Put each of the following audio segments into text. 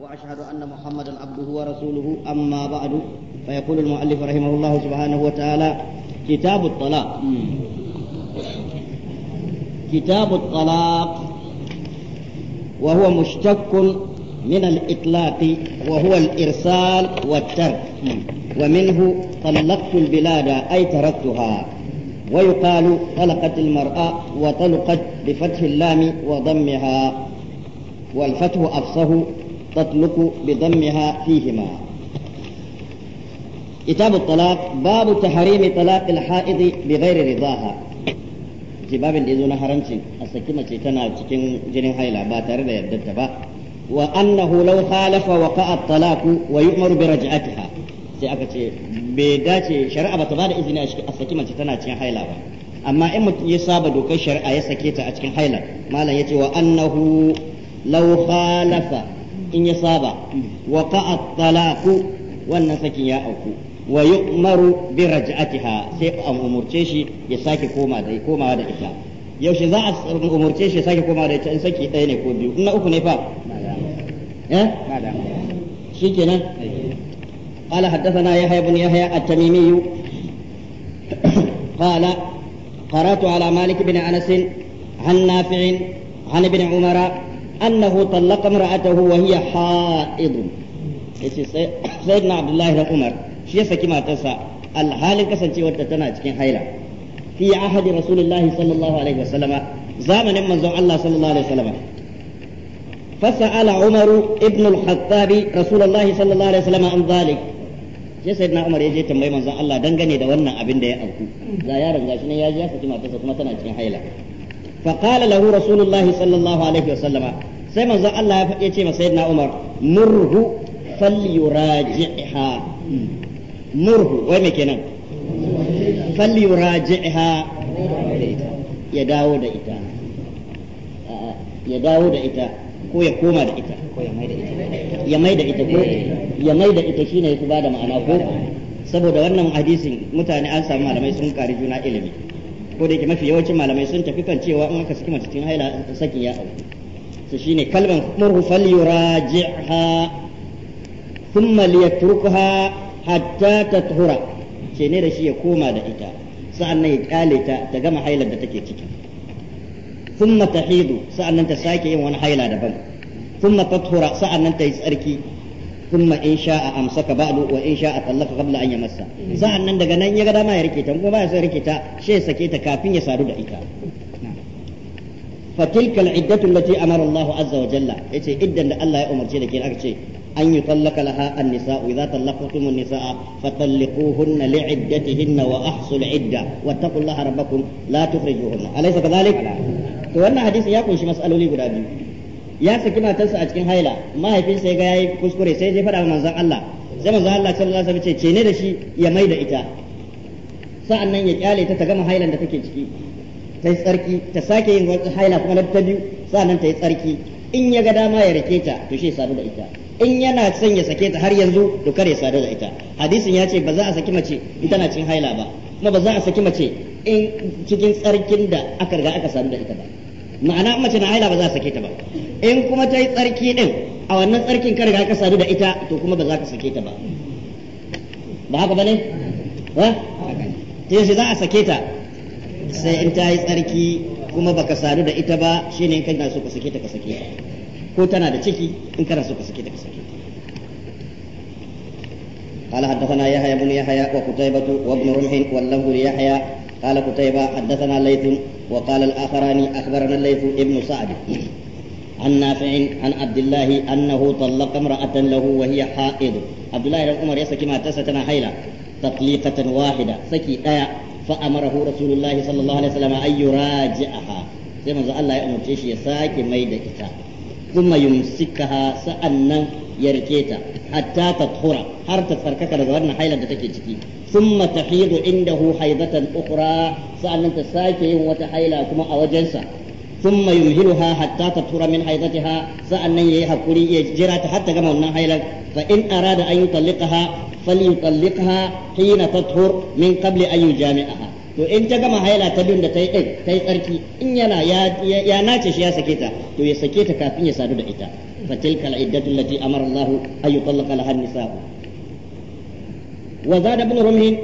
وأشهد أن محمدا عبده ورسوله أما بعد فيقول المؤلف رحمه الله سبحانه وتعالى كتاب الطلاق كتاب الطلاق وهو مشتق من الإطلاق وهو الإرسال والترك ومنه طلقت البلاد أي تركتها ويقال طلقت المرأة وطلقت بفتح اللام وضمها والفتح أفصه تطلق بضمها فيهما كتاب الطلاق باب تحريم طلاق الحائض بغير رضاها ce babin da ya na haramci a saki mace tana cikin jinin haila ba tare da yardarta ba wa annahu wa sai aka ce bai dace shari'a ba ta bada izini a saki mace tana cikin haila ba amma in mutum ya saba dokar shari'a ya sake ta a cikin haila malam yace wa annahu law khalafa in ya saba wa qa'a talaqu wannan sakin ya auku wa yu'maru bi raj'atiha sai an umurce shi ya sake koma da komawa da ita yaushe za a umurce shi ya sake komawa da ita in saki ɗaya ne ko biyu in na uku ne fa eh shikenan قال حدثنا يحيى بن يحيى التميمي قال قرأت على مالك بن أنس عن نافع عن ابن عمر أنه طلق امرأته وهي حائض سيدنا عبد الله بن عمر شيء سكما تسا الحال كسنتي وتتنا cikin haila في عهد رسول الله صلى الله عليه وسلم زمن من زو الله صلى الله عليه وسلم فسأل عمر ابن الخطاب رسول الله صلى الله عليه وسلم عن ذلك sai sai na umar ya je tambayi manzon Allah dangane da wannan abin da ya auku za yaron gashi ne ya ji ya saki matarsa kuma tana cikin haila فقال له رسول الله صلى الله عليه وسلم سيما ذا الله يتيم سيدنا عمر مره فليراجعها مره وين فليراجعها ya dawo da ita ya dawo da ita ko ya koma da ita ya mai da ita ko ya mai da ita shine yafi bada ma'ana ko saboda wannan hadisin mutane an samu malamai sun kari juna ilimi ko da yake mafi yawancin malamai sun tafi kan cewa in aka saki mace cikin haila sakin ya auku to shine kalman murhu falyuraji'ha thumma liyatrukuha hatta tathura ce ne da shi ya koma da ita sa'annan ya kyale ta ta gama hailar da take ciki thumma tahidu sa'annan ta sake yin wani haila daban thumma tathura sa'annan ta yi tsarki thumma in sha'a amsaka ba'du wa in sha'a tallaka qabla an yamassa sa'an nan daga nan ya ga dama ya rike ta kuma ba ya son rike ta she sake ta kafin ya sadu da ita فتلك العدة التي أمر الله عز وجل يتي إدة الله يأمر جلك أكتي أن يطلق لها النساء إذا طلقتم النساء فطلقوهن لعدتهن وأحصوا العدة واتقوا الله ربكم لا تخرجوهن أليس كذلك؟ وأن حديث يقول مسألة لي قرابي ya saki matarsa a cikin haila mahaifinsa ya ga yayi kuskure sai ya faɗa manzon Allah sai manzon Allah sallallahu alaihi wasallam ce ne da shi ya mai da ita sa'annan ya kyale ta ta gama hailan da take ciki ta yi tsarki ta sake yin wata haila kuma na ta biyu sa'annan ta yi tsarki in ya ga dama ya rike ta to shi sadu da ita in yana son ya sake ta har yanzu to kare sadu da ita hadisin ya ce ba za a saki mace in tana cikin haila ba kuma ba za a saki mace in cikin tsarkin da aka riga aka sadu da ita ba ma'ana mace na haila ba za a sake ta ba in kuma ta yi tsarki din a wannan tsarkin ka riga ka sadu da ita to kuma ba za ka sake ta ba ba haka bane ha to sai za a sake ta sai in ta yi tsarki kuma baka sadu da ita ba shine in kana so ka sake ta ka sake ta ko tana da ciki in kana so ka sake ta ka sake ta قال حدثنا يحيى بن يحيى وقتيبة وابن رمح واللفظ ليحيى قال قتيبة حدثنا ليث وقال الآخران أخبرنا الليث ابن سعد عن نافع عن عبد الله أنه طلق امرأة له وهي حائض عبد الله بن عمر يسكي ما تستنا حيلة تطليقة واحدة سكي آية فأمره رسول الله صلى الله عليه وسلم أن يراجعها سيما الله يأمر تشي ساكي ميد إتا ثم يمسكها سأنا يركيتا حتى تطهر har ta tsarkaka daga wannan hailar da take ciki ثم تحيض عنده حيضة أخرى سألنا تساكي وتحيلا كما أوجنسا ثم يمهلها حتى تطهر من حيضتها سألنا يحقري يجرات حتى كما أنها حيلة فإن أراد أن يطلقها فليطلقها حين تطهر من قبل أن يجامعها to in ta gama haila ta dun da ta yi ta yi tsarki in yana ya nace shi ya sake ta to ya sake ta kafin ya sadu da ita fa tilka al iddatu allati amara Allahu ay yutallaqa laha an وزاد ابن رمه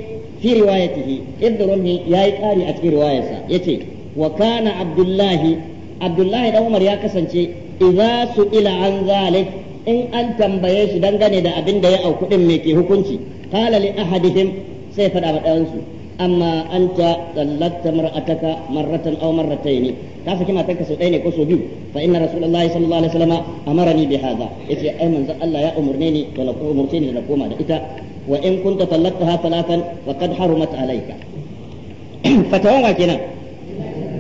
في روايته إذ رمه يا إكاري أتكي رواية يتي وكان عبد الله عبد الله بن عمر يا كسنتي إذا سئل عن ذلك إن أن تنبيه دنغني دا أبن دا أو كتن ميكي هكونتي قال لأحدهم سيفر أبدانسو أما أنت طلقت مرأتك مرة أو مرتين تعرف كما تنكسر أين كسو بيو فإن رسول الله صلى الله عليه وسلم أمرني بهذا إتي أي من الله يا أمرني ونقوم أمرتني لنقوم على إتا وإن كنت طلقتها ثلاثا وقد حرمت عليك فتوما كنا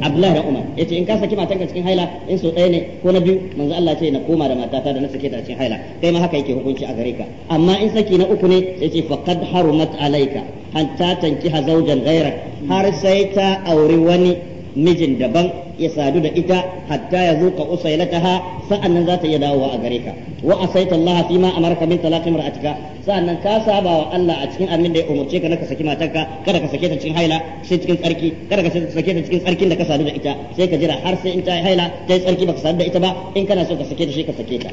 Abdullahi da Umar yace in ka saki matanka cikin haila in so ɗaya ne ko na biyu manzu Allah ce na koma da matata da na sake ta cikin haila kai ma haka yake hukunci a gare ka amma in saki na uku ne yace faqad harumat alaika an ta tanki hazaujan ghayrak har sai ta auri wani mijin daban ya sadu da ita hatta ya zuka usailataha sa'annan za ta iya dawowa a gare ka wa asaita Allah fi ma amarka min talaqi mar'atika sa'annan ka saba wa Allah a cikin abin da ya umurce ka na ka saki matarka kada ka sake ta cikin haila sai cikin tsarki kada ka sake ta cikin tsarkin da ka sadu da ita sai ka jira har sai in ta haila ta tsarki baka sadu da ita ba in kana so ka sake ta shi ka sake ta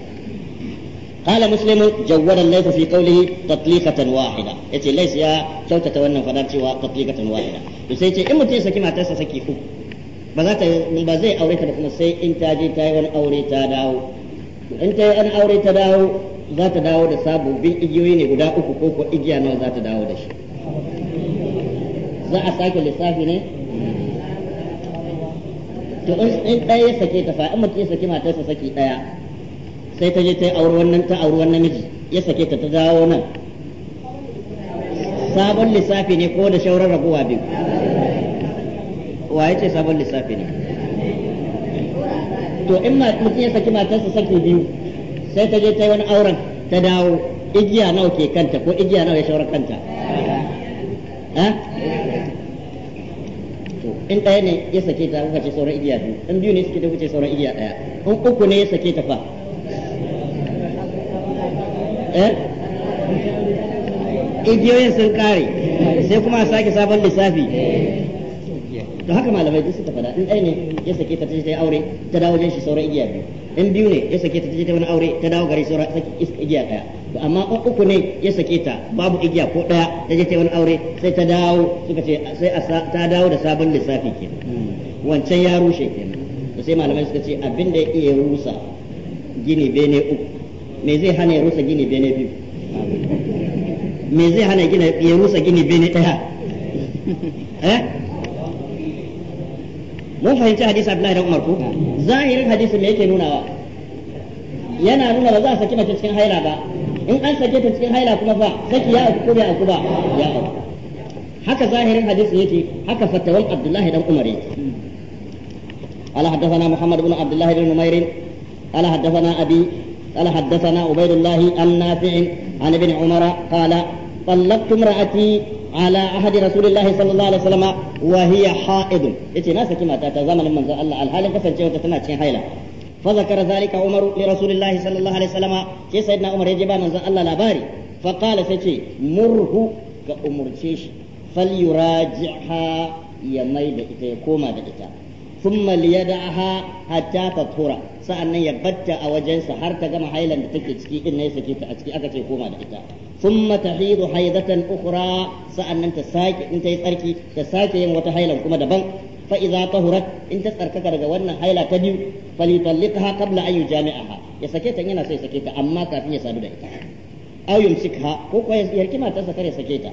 قال مسلم جود الليث في قوله تطليقة واحدة يتي ليس يا شوتة وانا فدار تطليقة واحدة يسيتي إما تيسا كما تيسا سكي ba za ta ba zai aure ka da kuma sai in ta je ta yi wani aure ta dawo in ta yi wani aure ta dawo za ta dawo da sababbin igiyoyi ne guda uku ko ko igiya nawa za ta dawo da shi za a sake lissafi ne to in ɗaya ya sake ta fa in mutum ya sake matarsa saki ɗaya sai ta je ta yi aure wannan ta aure wannan miji ya sake ta ta dawo nan sabon lissafi ne ko da shauran raguwa biyu wa ya ce sabon lissafi ne to in ma mutum ya saki matarsa saki biyu sai ta je ta yi wani auren ta dawo igiya nawa ke kanta ko igiya nawa ya shaurar kanta in ɗaya ne ya sake ta kuka ce sauran igiya biyu in biyu ne suke ta wuce sauran igiya ɗaya in uku ne ya sake ta fa eh? igiyoyin sun kare sai kuma a sake sabon lissafi to haka malamai duk suka fada in ɗaya ne ya sake ta ta aure ta dawo wajen shi sauran igiya biyu in biyu ne ya sake ta ta wani aure ta dawo gari sauran igiya ɗaya to amma in uku ne ya sake ta babu igiya ko ɗaya ta je ta wani aure sai ta dawo suka ce sai ta dawo da sabon lissafi kenan wancan ya rushe kenan to sai malamai suka ce abin da ya iya rusa gini bene uku me zai hana ya rusa gini bene biyu me zai hana ya rusa gini bene ɗaya eh mun fahimci hadisi Abdullahi da Umar ko zahirin hadisi me yake nunawa yana nuna ba za a saki mace cikin haila ba in an sake ta cikin haila kuma fa saki ya ko bai aku ba ya aku haka zahirin hadisi yake haka fatawan Abdullahi dan Umar yake قال حدثنا محمد بن عبد الله بن نمير قال حدثنا أبي قال حدثنا عبيد الله عن نافع عن ابن عمر قال طلقت امرأتي على عهد رسول الله صلى الله عليه وسلم وهي حائض يتي ناس كما تتزامن من الله الحال كسن جوة تنا تشين حيلا فذكر ذلك عمر لرسول الله صلى الله عليه وسلم كي سيدنا عمر يجب من الله لاباري فقال سيتي مره كأمر تشيش فليراجعها يميد إتا يكوما بإتا thumma liyada'aha hatta tathura sa'annan ya batta a sa har ta gama hailan da take ciki din ne sake ta a ciki aka ce koma da ita thumma tahidu haidatan ukhra sa'annan ta sake in ta yi tsarki ta sake yin wata hailan kuma daban fa idza tahurat in ta tsarkaka daga wannan haila ta biyu falitalliqha qabla an yujami'aha ya sake ta yana so ya sake ta amma kafin ya sadu da ita aw yumsikha ko ko yarki matarsa kare sake ta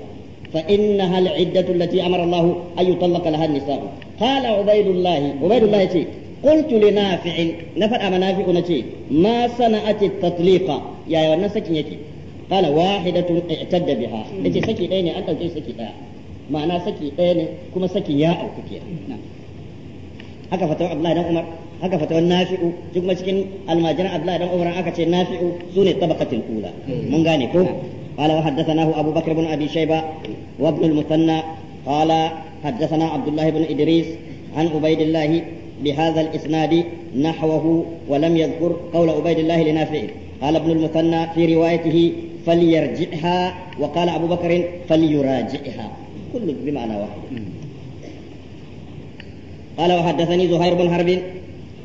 فإنها العدة التي أمر الله أن يطلق لها النساء قال عبيد الله عبيد الله يتي قلت لنافع نفع منافع نتي ما صنعت التطليق يا يا wannan sakin yake قال واحدة اعتد بها yace saki ɗaya an ɗauke saki ɗaya ma'ana saki ɗaya kuma saki ya auku kenan haka fatawa Abdullahi dan Umar haka fatawan nafi'u shi kuma cikin almajiran Abdullahi dan Umar aka ce nafi'u ne tabaqatul ula mun gane ko قال وحدثناه أبو بكر بن أبي شيبة وابن المثنى قال حدثنا عبد الله بن إدريس عن عبيد الله بهذا الإسناد نحوه ولم يذكر قول عبيد الله لنافع قال ابن المثنى في روايته فليرجعها وقال أبو بكر فليراجعها كل بمعنى واحد قال وحدثني زهير بن حرب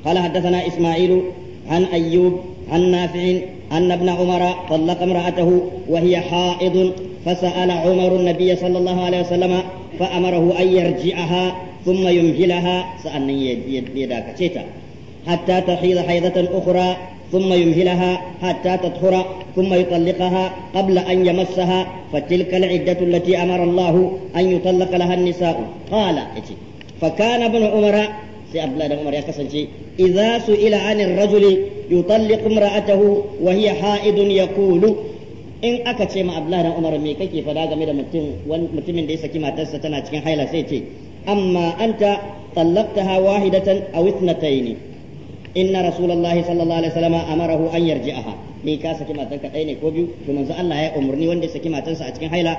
قال حدثنا إسماعيل عن أيوب عن نافع أن ابن عمر طلق امرأته وهي حائض فسأل عمر النبي صلى الله عليه وسلم فأمره أن يرجعها ثم يمهلها سألني يداك شيتا حتى تحيض حيضة أخرى ثم يمهلها حتى تطهر ثم يطلقها قبل أن يمسها فتلك العدة التي أمر الله أن يطلق لها النساء قال فكان ابن عمر sai Abdullahi da Umar ya kasance idza ila 'anil rajuli yutalliqu imra'atahu wa hiya ha'idun yaqulu in aka ce ma Abdullahi dan Umar me kake fada game da mutum mutumin da ya saki matarsa tana cikin haila sai ce amma anta tallaqtaha wahidatan aw ithnatayn inna rasulullahi sallallahu alaihi wasallam amarahu an yarji'aha ni ka saki matanka ɗaya ne ko biyu to manzo Allah ya umurni wanda ya saki matansa a cikin haila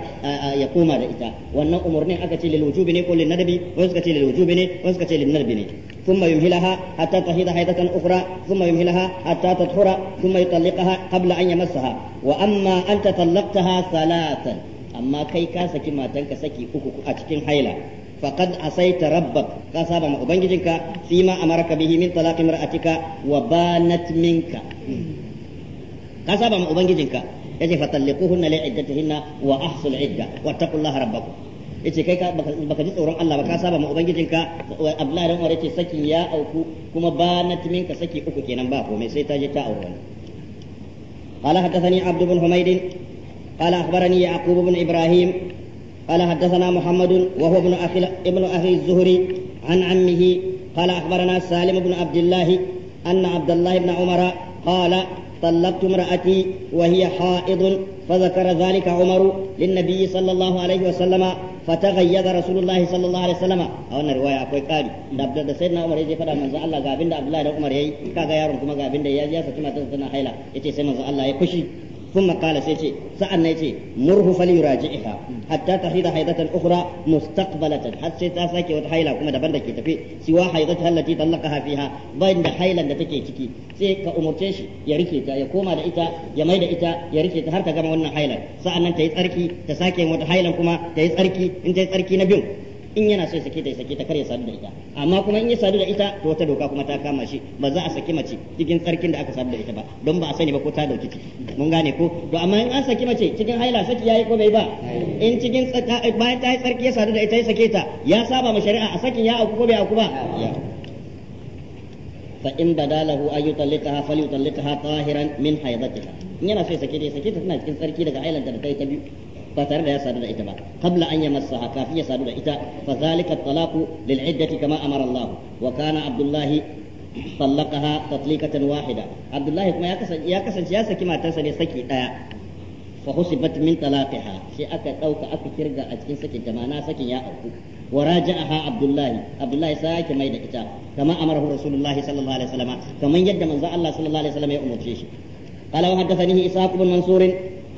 ya koma da ita wannan umurnin aka ce lil wujubi ne ko lil nadabi wasu suka ce lil wujubi ne wasu suka ce lil nadabi ne thumma yumhilaha hatta tahida haidatan ukhra thumma yumhilaha hatta tathura thumma yutalliqaha qabla an yamassaha wa amma anta tallaqtaha thalathan amma kai ka saki matanka saki uku a cikin haila faqad asaita rabbak ka saba ma ubangijinka fi ma amaraka bihi min talaqi mar'atika wa banat minka ka saba ma ubangijinka yace fatalliquhunna li iddatihinna wa ahsul idda wattaqullaha rabbakum yace kai ka baka ji tsoron Allah ba ka saba ma ubangijinka Abdullahi dan Umar yace saki ya auku kuma ba na ka saki uku kenan ba komai sai ta je ta aure wani قال حدثني عبد بن حميد قال أخبرني يعقوب بن قال حدثنا محمد وهو ابن أخي ابن أخي الزهري عن عمه قال أخبرنا سالم بن عبد الله أن عبد الله بن عمر قال طلقت امرأتي وهي حائض فذكر ذلك عمر للنبي صلى الله عليه وسلم فتغيظ رسول الله صلى الله عليه وسلم a wannan riwaya akwai kari da abdul da sayyidina umar yaje fada manzo Allah ga abinda abdullahi da umar yayi kaga yaron kuma ga abinda ya ya saki matarsa tana haila yace sai manzo Allah ya fushi ثم قال سيتي سألنا يتي مره فليراجعها حتى تحيض حيضة أخرى مستقبلة حتى tafe وتحيلا كما دبندك تفي سوى حيضتها التي طلقها فيها بين حيلا take تكي sai ka umurce shi ya rike ya koma da ita ya mai da ita ya rike ta har ta gama wannan hailan sa'annan ta yi tsarki ta sake wata hailan kuma ta yi tsarki in ta yi tsarki na biyu in yana so ya sake ta ya sake ta kar ya sadu da ita amma kuma in ya sadu da ita to wata doka kuma ta kama shi ba za a saki mace cikin tsarkin da aka sadu da ita ba don ba a sani ba ko ta dauki ciki mun gane ko to amma in an saki mace cikin haila saki yayi ko bai ba in cikin bayan ta yi tsarki ya sadu da ita ya sake ta ya saba ma shari'a a sakin ya auku ko bai auku ba fa in badalahu ayu tallikaha falyutallikaha tahiran min haidatiha in yana so ya sake ta ya sake ta tana cikin tsarki daga ailan da ta yi ta biyu ba tare da ya sadu da ita ba qabla an yamassa ha kafiya sadu da ita fa zalika kama amara Allah wa kana Abdullah talaqaha wahida Abdullah kuma ya kasance ya saki matarsa saki daya fa husibat min talaqiha sai aka dauka aka kirga a cikin sakin ta ma'ana sakin ya auku wa raja'aha Abdullah Abdullah sai mai da ita kama amarahu Rasulullah sallallahu alaihi wasallam kaman yadda manzo Allah sallallahu alaihi wasallam ya umurce shi قال وحدثني إسحاق بن منصور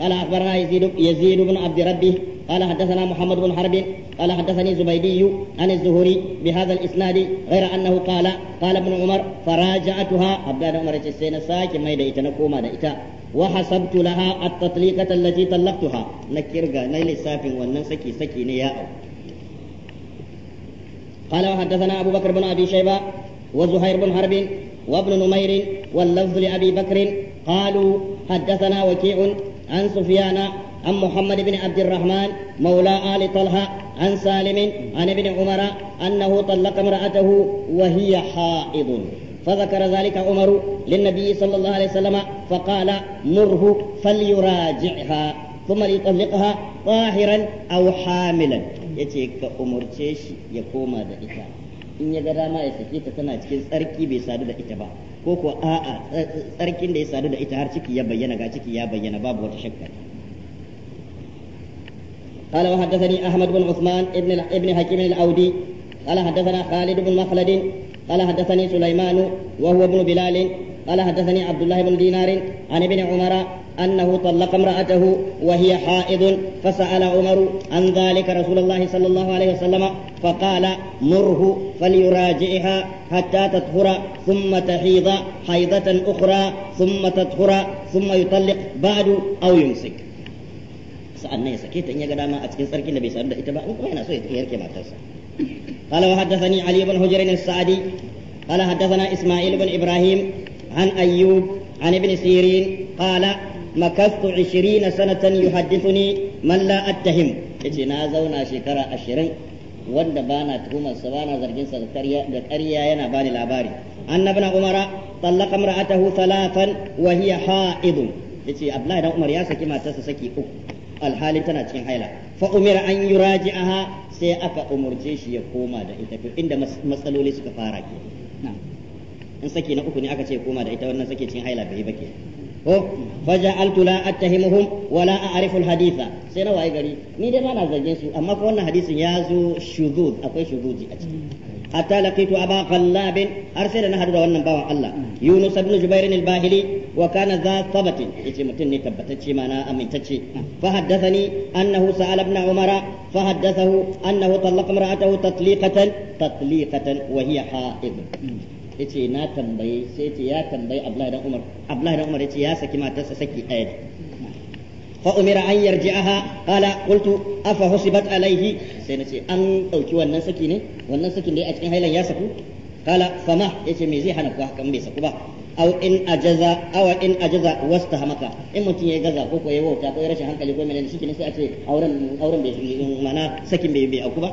قال أخبرنا يزيد, يزيد بن عبد ربه قال حدثنا محمد بن حرب قال حدثني زبيدي عن الزهري بهذا الإسناد غير أنه قال قال ابن عمر فراجعتها عبد الله عمر السين ساك ما يدئت نقوم دئت وحسبت لها التطليقة التي طلقتها نكرغا نيل سافن وننسكي سكي نياء قال وحدثنا أبو بكر بن أبي شيبة وزهير بن حرب وابن نمير واللفظ لأبي بكر قالوا حدثنا وكيع عن سفيان عن محمد بن عبد الرحمن مولى آل طلحة عن سالم عن ابن عمر أنه طلق امرأته وهي حائض فذكر ذلك عمر للنبي صلى الله عليه وسلم فقال مره فليراجعها ثم ليطلقها طاهرا أو حاملا yace ka umurce shi ya koma da ita in ya ga dama ya sake ta tana cikin tsarki bai sadu da ita ba ko ko sarkin a tsarkin da ya sadu da ita har ciki ya bayyana ga ciki ya bayyana babu wata shakka qala wa hadathani ahmad ibn usman ibn al ibn hakim al audi qala hadathana khalid ibn mahladin qala hadathani sulaiman wa قال حدثني عبد الله بن دينار عن ابن عمر أنه طلق امرأته وهي حائض فسأل عمر عن ذلك رسول الله صلى الله عليه وسلم فقال مره فليراجعها حتى تطهر ثم تحيض حيضة أخرى ثم تطهر ثم يطلق بعد أو يمسك سألني سكيت إن ta ما ya ga النبي صلى الله عليه وسلم bai وين da قال وحدثني علي بن حجر السعدي قال حدثنا اسماعيل بن ابراهيم عن أيوب عن ابن سيرين قال مكثت عشرين سنة يحدثني من لا أتهم إتنا زونا شكرا عشرين wanda ba na tuhumarsa ba na sa da ƙarya yana ba ni labari annabi na umara طلق امرأته ثلاثا وهي حائض yace Abdullahi dan Umar ya saki matarsa saki uku alhali tana cikin haila fa umira an yuraji'aha sai aka umurce shi ya koma da ita inda matsaloli suka fara ke na'am in saki na uku ne aka ce koma da ita wannan sake cin haila bai ba ke ko faja'altu la attahimuhum wala la a'rifu haditha sai na waye gari ni dai bana zargin su amma ko wannan hadisin ya zo shuzuz akwai shuzuzi a ciki hatta laqitu aba qallab har sai da na hadu da wannan bawan Allah Yunus ibn Jubair al-Bahili wa kana za sabatin yace mutum ne tabbatacce mana amintacce fa haddathani annahu sa'ala ibn Umara fa haddathahu annahu talaqa imra'atahu tatliqatan tatliqatan wa hiya ha'id yace na tambaye sai yace ya tambayi Abdullahi dan Umar Abdullahi dan Umar yace ya saki matarsa saki ɗaya fa umira an yarji'aha qala qultu afa husibat alaihi sai nace an dauki wannan saki ne wannan sakin da a cikin hailan ya saku qala fama yace me zai hana ku in bai saku ba aw in ajaza aw in ajaza wastahamaka in mutum ya gaza ko ko ya wauta ko ya rashin hankali ko menene shi ne sai a ce auren auren bai mana sakin bai bai aku ba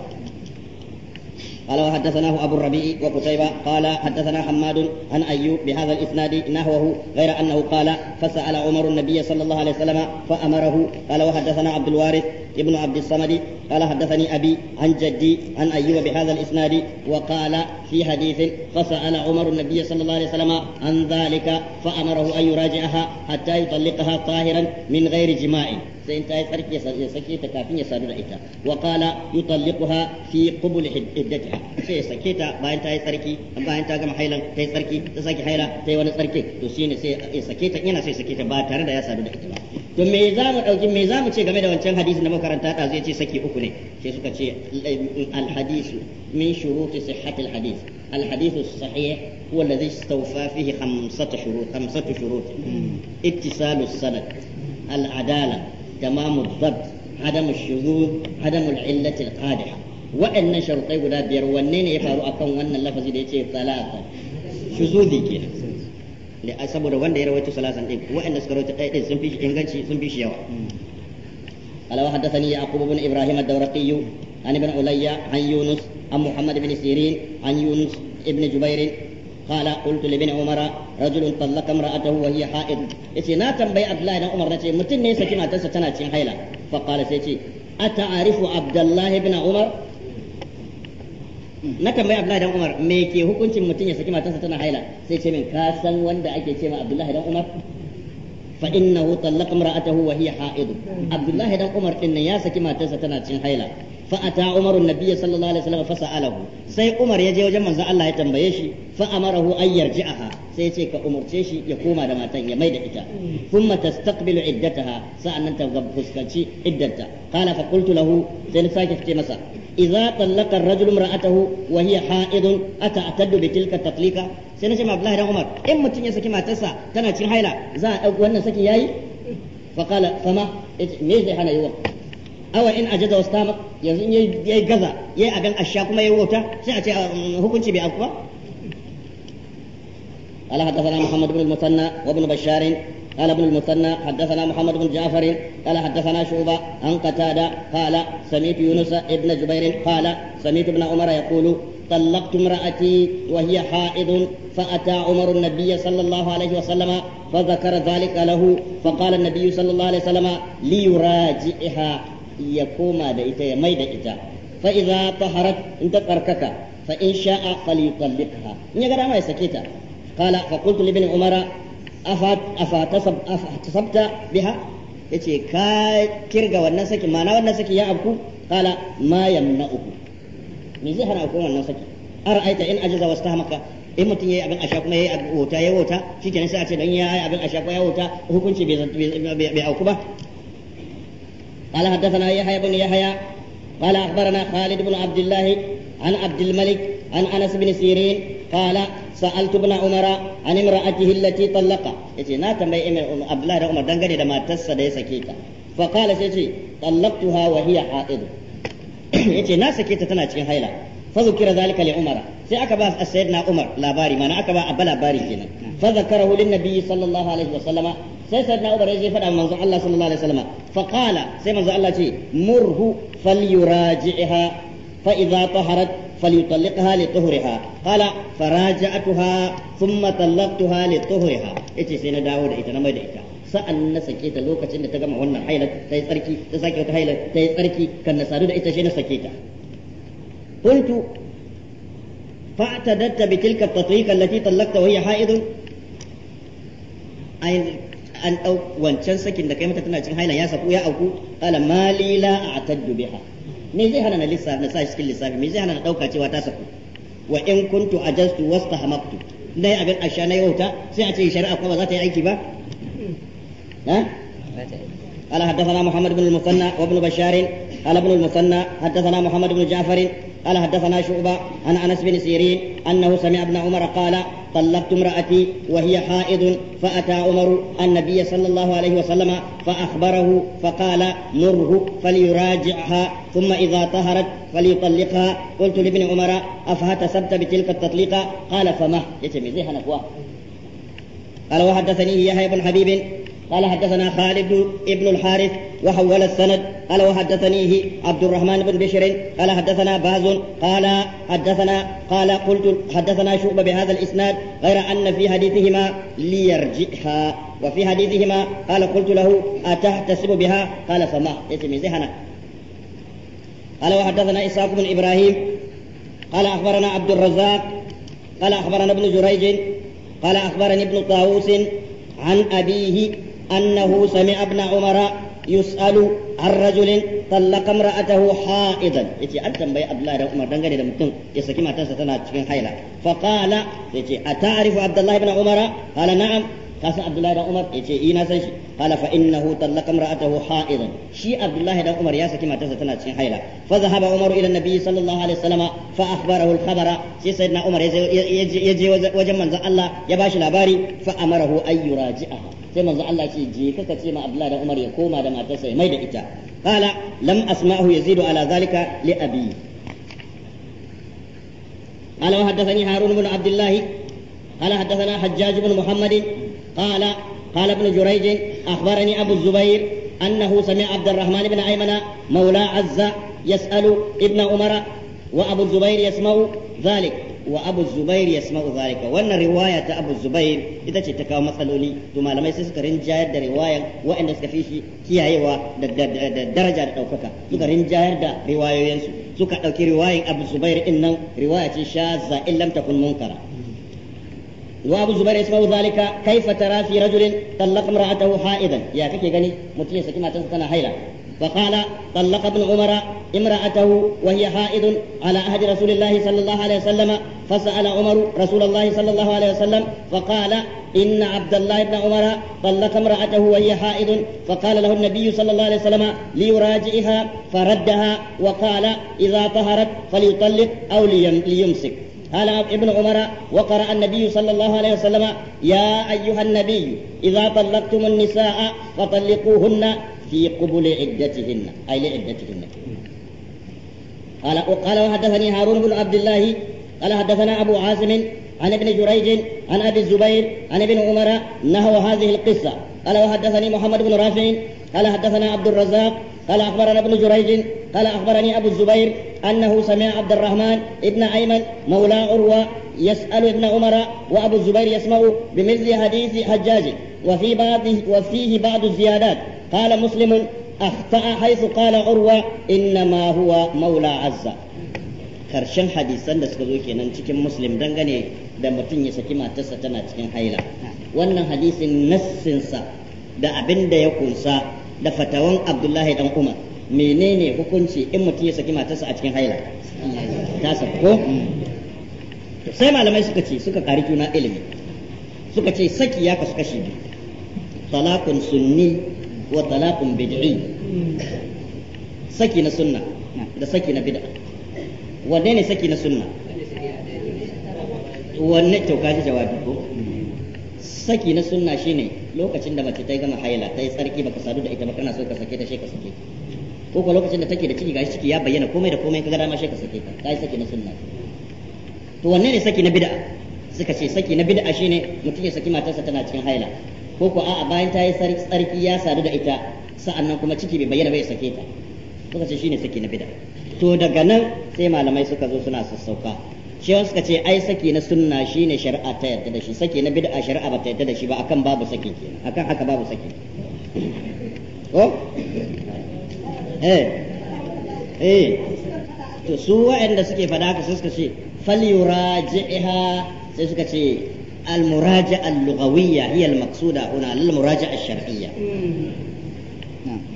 قال وحدثناه أبو الربيع وقتيبة قال حدثنا حماد عن أيوب بهذا الإسناد نحوه غير أنه قال فسأل عمر النبي صلى الله عليه وسلم فأمره قال وحدثنا عبد الوارث ابن عبد الصمد قال حدثني أبي عن جدي عن أيوب بهذا الإسناد وقال في حديث فسأل عمر النبي صلى الله عليه وسلم عن ذلك فأمره أن يراجعها حتى يطلقها طاهرا من غير جماع sai in ta yi tsarki ya sake ta kafin ya sadu da ita wa qala yutalliquha fi qubul iddatiha sai ya sake ta bayan ta yi tsarki bayan ta ya tare da ya sadu da to me za mu dauki me za mu ce game da wancan hadisin na makaranta ta zai ce saki uku ne sai suka ce al hadisu min shuruti sihhati al hadis al hadithu sahih huwa alladhi istawfa fihi khamsatu shurut khamsatu shurut ittisalu sanad al adala tamamu dhabt عدم الشذوذ عدم العلة القادحة وأن شرطي ولا بير ونين يفعلوا أكون وأن اللفظ يتي ثلاثة شذوذي كده saboda wanda ya rawaito salasan din wa'anda suka rawaito ɗaya din sun fi inganci sun fi yawa alawa haddathani yaqub ibn ad-dawraqi sirin an ibn jubair قال قلت لابن عمر رجل طلق امرأته وهي حائض إذا ناتم بي عبد الله بن عمر نتي متن نيسا كما تنسى تنسى حيلا فقال سيتي أتعرف na tambayi Abdullahi dan Umar me ke hukuncin mutum ya saki matarsa tana haila sai ce min ka san wanda ake ce ma Abdullahi dan Umar fa innahu talaqa imra'atahu wa hiya ha'id Abdullahi dan Umar din ya saki matarsa tana cin haila fa ata Umar annabi sallallahu alaihi wasallam fa sa'alahu sai Umar ya je wajen manzon Allah ya tambaye shi fa amarahu an yarji'aha sai ce ka umurce shi ya koma da matan ya maida ita thumma tastaqbilu iddataha sa'annan ta fuskanci iddarta qala fa qultu lahu sai na sake ce masa idza tallaqa ar-rajulu imra'atahu wa hiya ha'idun ata'taddu sai nace ma Abdullahi Umar in mutun ya saki matarsa tana cikin haila za a saki yayi fa qala fama me yayi kuma a ce um, hukunci قال حدثنا محمد بن المثنى وابن بشار قال ابن المثنى حدثنا محمد بن جعفر قال حدثنا شعبة عن قتادة قال سمعت يونس ابن جبير قال سمعت ابن عمر يقول طلقت امرأتي وهي حائض فأتى عمر النبي صلى الله عليه وسلم فذكر ذلك له فقال النبي صلى الله عليه وسلم ليراجعها يقوم دئتا ميد إتا فإذا طهرت انت تركك فإن شاء فليطلقها إن ما يسكتها قال فقلت لابن عمر afatasabta biha yace ka kirga wannan saki ma'ana wannan saki ya abku qala ma uku, me zai hana ku wannan saki ara'aita in ajaza wastahmaka in mutum yayi abin asha kuma yayi abin wota yayi wota shikenan sai a ce dan yayi abin asha ko ya wota hukunci bai auku ba قال حدثنا يحيى بن يحيى قال اخبرنا خالد بن عبد الله عن عبد الملك عن انس بن سيرين قال سألت ابن عمر عن امرأته التي طلقها يتي نا تنبي عبد الله عمر دنگane da matarsa da ya ta فقال سيتي طلقتها وهي حائض yace na sake ta tana cikin haila فذكر ذلك لعمر sai aka ba sayyidina Umar labari mana aka ba abba labari kenan fa zakarahu lin nabiy sallallahu alaihi sai sayyidina Umar ya faɗa manzo Allah sallallahu alaihi wasallama fa qala sai manzo Allah ce murhu falyuraji'ha fa idza taharat فليطلقها لطهرها قال فراجعتها ثم طلقتها لطهرها yace sai na dawo da ita na mai da ita sa'an na sake ta lokacin da ta gama wannan hailar ta yi tsarki ta sake wata hailar ta yi tsarki kan na da ita sai na sake ta kuntu fa'tadatta bi tilka at-tatwiq allati tallaqta wa hiya an dau wancan sakin da kai mata tana cin haila ya ya auku qala a la me zai hana na lissafi na sa shi cikin lissafi me zai hana na dauka cewa ta saku wa in kuntu ajastu wastahamaqtu dai abin asha yauta sai a ce shari'a kuma ba za ta yi aiki ba ha قال حدثنا محمد بن المثنى وابن بشار قال ابن المثنى حدثنا محمد بن جعفر قال حدثنا عن بن سيرين سمع ابن عمر قال طلقت امرأتي وهي حائض فأتى عمر النبي صلى الله عليه وسلم فأخبره فقال مره فليراجعها ثم إذا طهرت فليطلقها قلت لابن عمر سبت بتلك التطليقة قال فما يتمي ذهنك قال وحدثني يحيى بن حبيب قال حدثنا خالد بن الحارث وحول السند قال وحدثنيه عبد الرحمن بن بشر قال حدثنا باز قال حدثنا قال قلت حدثنا شعبة بهذا الإسناد غير أن في حديثهما ليرجئها وفي حديثهما قال قلت له أتحتسب بها قال فما اسمي ذهنك قال وحدثنا إسحاق بن إبراهيم قال أخبرنا عبد الرزاق قال أخبرنا ابن جريج قال أخبرني ابن طاووس عن أبيه أنه سمع ابن عمر يسأل عن رجل طلق امرأته حائضا يتي أنت بي عبد الله عمر دنگني da mutum ya saki matarsa tana cikin haila fa qala yace ata'rifu Abdullah ibn Umar qala na'am kasa Abdullah ibn Umar yace ina san shi qala fa innahu tallaqa imra'atahu ha'idan shi Abdullah ibn Umar ya saki matarsa tana cikin haila fa zahaba Umar ila nabi sallallahu alaihi wasallam fa akhbarahu al-khabara sai sayyidina Umar ya je wajen manzon Allah ya bashi labari fa amarahu ay ra'ji'a. sai manzo Allah ce je kaka ce ma Abdullah da Umar ya koma da matarsa ya mai da ita qala lam asma'hu yazidu ala zalika li abi قال وحدثني هارون بن عبد الله قال حدثنا حجاج بن محمد قال قال ابن جريج أخبرني أبو الزبير أنه سمع عبد الرحمن بن أيمن مولى عزة يسأل ابن عمر وأبو الزبير يسمع ذلك wa abu zubair ya sama zalika wannan riwaya ta abu zubair ita ce ta kawo matsaloli to malamai sai suka rinjayar da riwaya waɗanda suka fi shi kiyayewa da daraja da ɗaukaka suka rinjayar da riwayoyinsu suka ɗauki riwayan abu zubair din nan riwaya ce shaza in takun munkara wa abu zubair ya sama zalika kaifa tara fi rajulin tallaqa imra'atahu ha'idan ya kake gani mutum ya saki matarsa tana haila فقال طلق ابن عمر امرأته وهي حائض على عهد رسول الله صلى الله عليه وسلم فسأل عمر رسول الله صلى الله عليه وسلم فقال إن عبد الله بن عمر طلق امرأته وهي حائض فقال له النبي صلى الله عليه وسلم ليراجعها فردها وقال إذا طهرت فليطلق أو ليمسك قال ابن عمر وقرأ النبي صلى الله عليه وسلم يا أيها النبي إذا طلقتم النساء فطلقوهن في قبل عدتهن أي لعدتهن قال قال وحدثني هارون بن عبد الله قال حدثنا أبو عاصم عن ابن جريج عن أبي الزبير عن ابن عمر نهوا هذه القصة قال وحدثني محمد بن رافع قال حدثنا عبد الرزاق قال أخبرنا ابن جريج قال أخبرني أبو الزبير أنه سمع عبد الرحمن ابن أيمن مولى عروة يسأل ابن عمر وأبو الزبير يسمع بمثل حديث حجاج وفي بعض وفيه بعض الزيادات قال مسلم أخطأ حيث قال عروة إنما هو مولى عزة karshen hadisan da suka zo kenan cikin muslim dangane da mutum ya saki matarsa tana cikin haila wannan hadisin nassinsa da abin da ya kunsa da fatawan abdullahi dan umar menene hukunci in mutum ya saki matarsa a cikin haila ta ko sai malamai suka ce suka kari juna ilimi suka ce saki ya kasu kashi biyu talakun sunni wa talakun bid'i saki na sunna da saki na bid'a wanne ne saki na sunna wanne to kaji jawabi ko saki na sunna shine lokacin da mace ta gama haila ta yi tsarki baka sadu da ita ba kana so ka sake ta sai ka sake ko ko lokacin da take da ciki gashi ciki ya bayyana komai da komai ka ga dama sai ka sake ta ta yi saki na sunna to wanne ne saki na bid'a suka ce saki na bid'a shine mutum ya saki matarsa tana cikin haila ko ko a'a bayan ta yi tsarki ya sadu da ita sa'annan kuma ciki bai bayyana ya sake ta suka ce shine saki na bid'a to daga nan sai malamai suka zo suna sassauka shi suka ce ai saki na sunna shine shari'a ta yarda da shi saki na bid'a shari'a ba ta yarda da shi ba akan babu saki kenan akan haka babu saki ko eh eh to su wa'anda suke fada haka suka ce فليراجعها سيسكتي المراجعة اللغوية هي المقصودة هنا للمراجعة الشرعية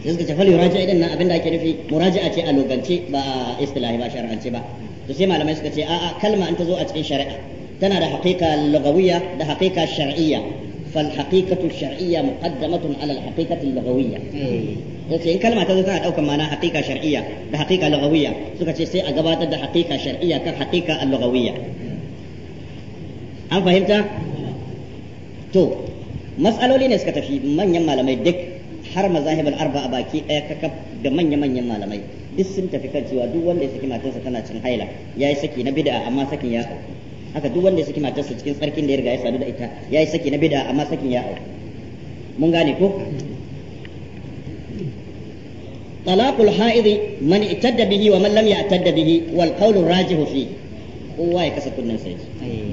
سيسكتي فليراجع إذن أبن داكي في مراجعة اللغانتي با إصطلاحي با شرعانتي با تسيما لما يسكتي آآ كلمة أنت زوء في شرعة تنا ده حقيقة اللغوية ده حقيقة الشرعية فالحقيقة الشرعية مقدمة على الحقيقة اللغوية yace in kalma ta zo tana daukan ma'ana haqiqa shar'iyya da haqiqa lughawiyya suka ce sai a gabatar da haqiqa shar'iyya kan haqiqa al-lughawiyya an fahimta to mas'aloli ne suka tafi manyan malamai duk har mazahibul arba'a baki ɗaya kakaf da manya-manyan malamai duk sun tafi kan cewa duk wanda ya saki matarsa tana cin haila yayi saki na bid'a amma sakin ya auku haka duk wanda ya saki matarsa cikin tsarkin da ya riga ya sadu da ita yayi saki na bid'a amma sakin ya auku mun gane ko طلاق الحائض من اعتد به ومن لم يعتد به والقول الراجح فيه kowa ya kasa kunnen sai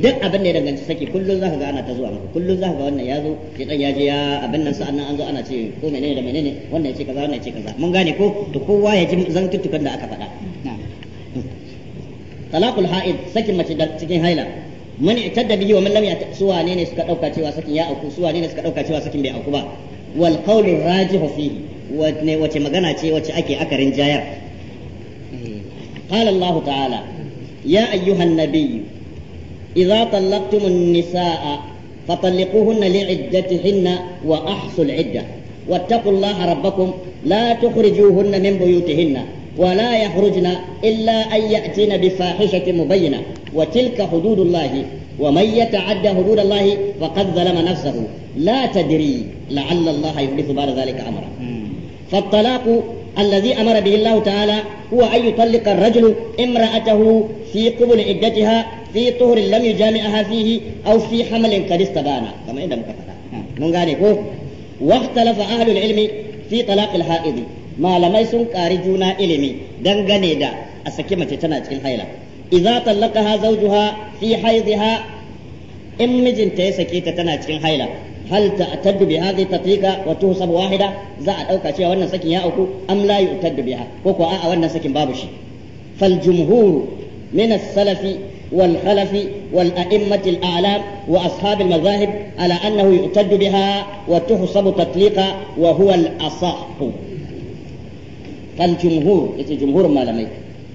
duk abin da ya danganci saki kullun zaka ga ana ta zuwa maka kullun zaka ga wannan ya zo ya dan ya abin nan sa'an nan an zo ana ce ko menene da menene wannan ya ce kaza wannan ya ce kaza mun gane ko to kowa ya ji da aka faɗa talaqul ha'id sakin mace da cikin haila i'tadda bihi wa man lam ne suka dauka cewa sakin ya auku ne suka dauka cewa sakin bai auku ba wal qawlu rajihu fihi wace magana ce wace ake akarin jayar قال الله تعالى يا أيها النبي إذا طلقتم النساء فطلقوهن لعدتهن وأحصوا العدة واتقوا الله ربكم لا تخرجوهن من بيوتهن ولا يخرجن إلا أن يأتين بفاحشة مبينة وتلك حدود الله ومن يتعدى حدود الله فقد ظلم نفسه لا تدري لعل الله يحدث بعد ذلك أمرا فالطلاق الذي أمر به الله تعالى هو أن يطلق الرجل امرأته في قبل عدتها في طهر لم يجامعها فيه أو في حمل قد استبان كما عند مكفرة واختلف أهل العلم في طلاق الحائض ما لم sun ƙari juna ilimi dangane da a saki mace tana cikin haila idza talaqaha zawjuha fi haidha in mijinta ya sake ta tana cikin haila hal ta ta'taddu bi hadhihi tatliqa wa tuhsab wahida za a dauka cewa wannan sakin ya auku am la yu'taddu biha ko ko a wannan sakin babu shi fal jumhur min as-salafi wal khalafi wal a'immati al-a'lam wa ashab al-madhahib ala annahu yu'taddu biha wa tuhsab tatliqa wa huwa al-asah fal jumhur yace jumhur malamai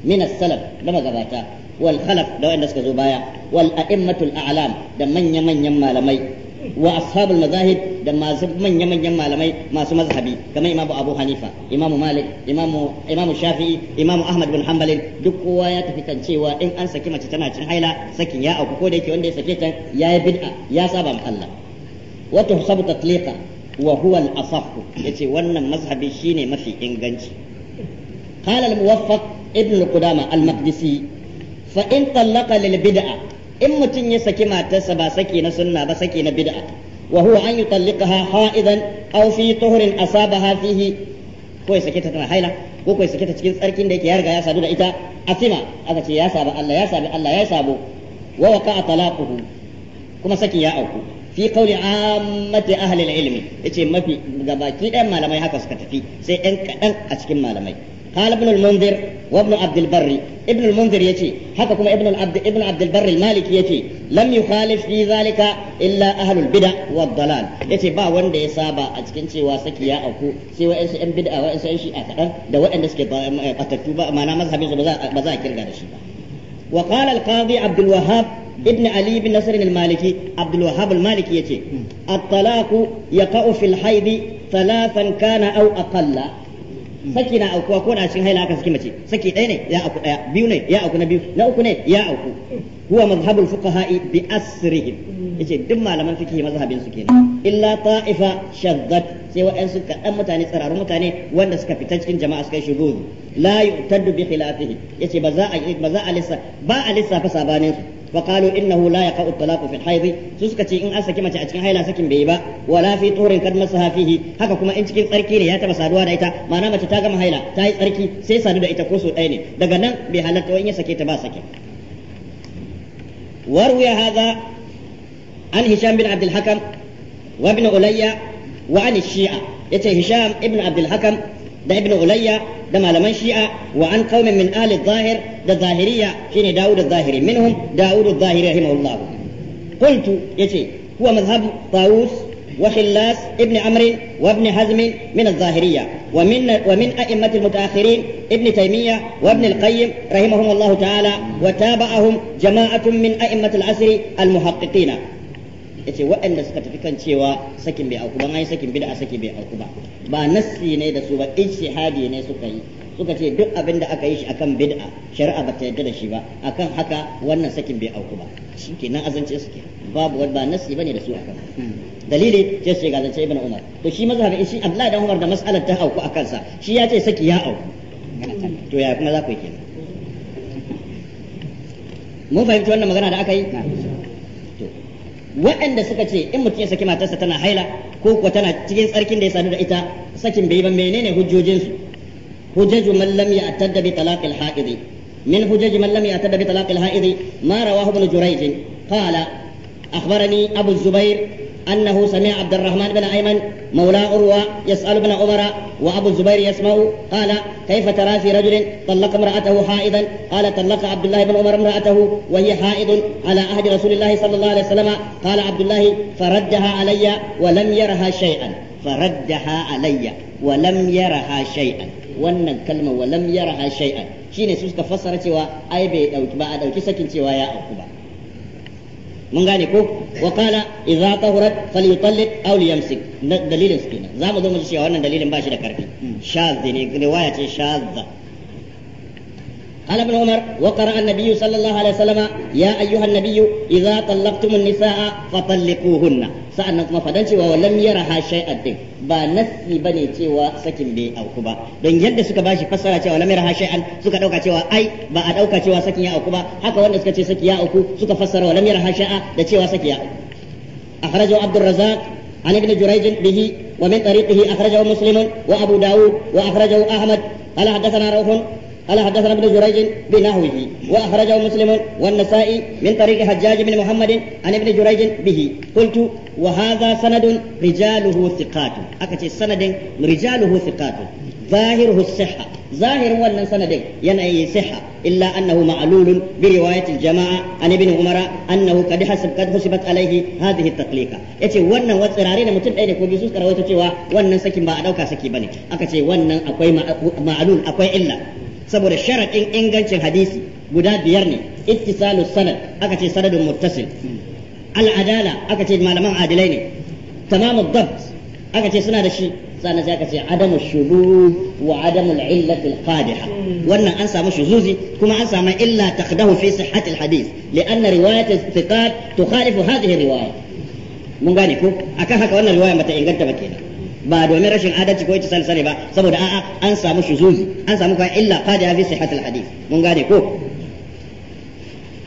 min as-salaf da magabata wal khalaf da wanda suka zo baya wal a'immatul a'lam da manya manyan malamai wa ashabul mazahib da masu manya manyan malamai masu mazhabi kamar imamu abu hanifa imamu malik imamu imamu shafi'i imamu ahmad bin hanbal duk kowa ya tafi kan cewa in an saki mace tana cin haila sakin ya auku ko da yake wanda ya sake ya yi bid'a ya saba ma Allah wa tuhsabu tatliqa wa huwa al-asah wannan mazhabi shine mafi inganci قال الموفق ابن القدامى المقدسي fa in tallaqa lil bid'a in mutum ya saki matarsa ba saki na sunna ba saki na bid'a wa huwa an yutalliqaha ha'idan aw fi tuhrin asabaha fihi ko ya saki ta tana haila ko ko ya ta cikin tsarkin da yake ya riga ya sadu da ita asima aka ce ya saba Allah ya sabu Allah ya sabu wa waqa'a talaquhu kuma saki ya auku fi qawli ammati ahli al-ilmi yace mafi gabaki ɗayan malamai haka suka tafi sai ɗan kaɗan a cikin malamai قال ابن المنذر وابن عبد البر ابن المنذر يتي حكم ابن عبد ابن عبد البر المالكي يتي لم يخالف في ذلك الا اهل البدع والضلال يتي با wanda ya saba a cikin cewa saki ya auku sai wa'ansu yan bid'a wa'ansu yan shi'a kadan da waɗanda suke batattu ba ma'ana mazhabin su ba za a kirga da shi ba wa qala al-qadi Abdul Wahhab ابن علي بن نصر المالكي عبد الوهاب المالكي يتي الطلاق يقع في الحيض ثلاثا كان او اقل saki na aukuwa ko na cikin haila aka saki mace saki ɗaya ne ya auku ɗaya biyu ne ya auku na biyu na uku ne ya auku huwa mazhabul fuqaha'i bi asrihim yace duk malaman fiqh mazhabin su kenan illa ta'ifa shaddat sai wa'ansu kaɗan mutane tsararru mutane wanda suka fita cikin jama'a suka shigo la yu'taddu bi khilafihi yace ba za a ba za a lissa ba a lissa fa sabanin su فقالوا انه لا يقع الطلاق في الحيض سوسكتي ان اسكي متى اتكن هايلا سكن بي ba ولا في طور قد مسها فيه haka kuma in cikin tsarki ne ya taba saduwa da ita ma'ana mace ta gama haila ta yi tsarki sai sadu da ita ko so ɗaya ne daga nan bai halatta wani ya sake ta ba sake ya haza an hisham bin abdul hakam wa ibn ulayya wa an shi'a ce hisham ibn abdul hakam ده ابن علي ده مال منشئة وعن قوم من آل الظاهر ده الظاهرية شين داود الظاهري منهم داود الظاهري رحمه الله قلت يتي هو مذهب طاووس وخلاس ابن عمر وابن حزم من الظاهرية ومن, ومن أئمة المتأخرين ابن تيمية وابن القيم رحمهم الله تعالى وتابعهم جماعة من أئمة العصر المحققين yace waɗanda suka tafi kan cewa sakin bai auku ba an yi sakin bid'a saki bai auku ba ba nassi ne da su ba ijtihadi ne suka yi suka ce duk abin da aka yi shi akan bid'a shari'a ba ta yarda da shi ba akan haka wannan sakin bai auku ba shi nan azance suke babu wani ba nassi bane da su akan hmm. dalili ce ce ga zance ibn umar to shi mazhabin shi abdullahi dan umar da mas'alar ta auku akan sa shi ya ce saki ya auku to ya kuma za ku yi kenan mun fahimci wannan magana da aka yi waɗanda suka ce in mutum ya saki matarsa tana haila ko kuwa tana cikin tsarkin da ya sadu da ita sakin bai ba menene hujjojinsu hujjaju man lam ya'tadda bi talaqil ha'idi min hujjaji man lam ya'tadda bi talaqil ha'idi ma rawahu ibn jurayj qala akhbarani abu zubair أنه سمع عبد الرحمن بن أيمن مولى عروة يسأل ابن عمر وأبو الزبير يسمع قال كيف ترى في رجل طلق امرأته حائضا قال طلق عبد الله بن عمر امرأته وهي حائض على عهد رسول الله صلى الله عليه وسلم قال عبد الله فردها علي ولم يرها شيئا فردها علي ولم يرها شيئا wannan kalmar walam yaraha shay'an shine su suka fassara cewa ai bai dauki ba a dauki sakin cewa ya auku ba mun gane ko wa qala idza tahurat falyutalliq aw liyamsik dalilin su kenan zamu zo mu ji cewa wannan dalilin ba shi da karfi hmm. shaz ne waya ce shaza. قال ابن عمر وقرأ النبي صلى الله عليه وسلم يا أيها النبي إذا طلقتم النساء فطلقوهن sa'annan kuma fadan cewa walam ha shay'an din ba nasi bane cewa sakin bai auku ba don yadda suka bashi fassara cewa walam yaraha shay'an suka dauka cewa ai ba a dauka cewa sakin ya auku ba haka wanda suka ce saki ya auku suka fassara wa walam ha shay'a da cewa saki ya auku akhrajahu abdurrazzaq an ibn jurayj bihi wa min tariqihi akhrajahu muslim wa abu daud wa akhrajahu ahmad قال حدثنا روح قال حدثنا ابن جريج بنحوه واخرجه مسلم والنسائي من طريق حجاج بن محمد عن ابن جريج به قلت وهذا سند رجاله ثقات اكتي سند رجاله ثقات ظاهره الصحة ظاهر ولن سند ينأي صحة إلا أنه معلول برواية الجماعة عن ابن عمر أنه قد حسب قد حسبت عليه هذه التقليقة يتي ونن وترارين متن أين كوبي سوس كرويتو تيوا ونن سكي ما أدوكا سكي بني أكتي ونن أكوي معلول أكوي إلا saboda sharaɗin ingancin hadisi guda biyar ne ittisalu sanad aka ce sanadun muttasil al'adala aka ce malaman adilai ne tamamu dabt aka ce suna da shi sannan sai aka ce adamu shubu wa adamu illati alqadiha wannan an samu shuzuzi kuma an samu illa taqdahu fi sihhati alhadith lianna riwayat thiqat tukhalifu hadhihi riwaya mun gane ko akan haka wannan riwaya mata inganta ba kenan ba domin rashin adalci ko itisal sani ba saboda a'a an samu shuzuzi an samu kuma illa fadi fi sihhatil hadith mun gane ko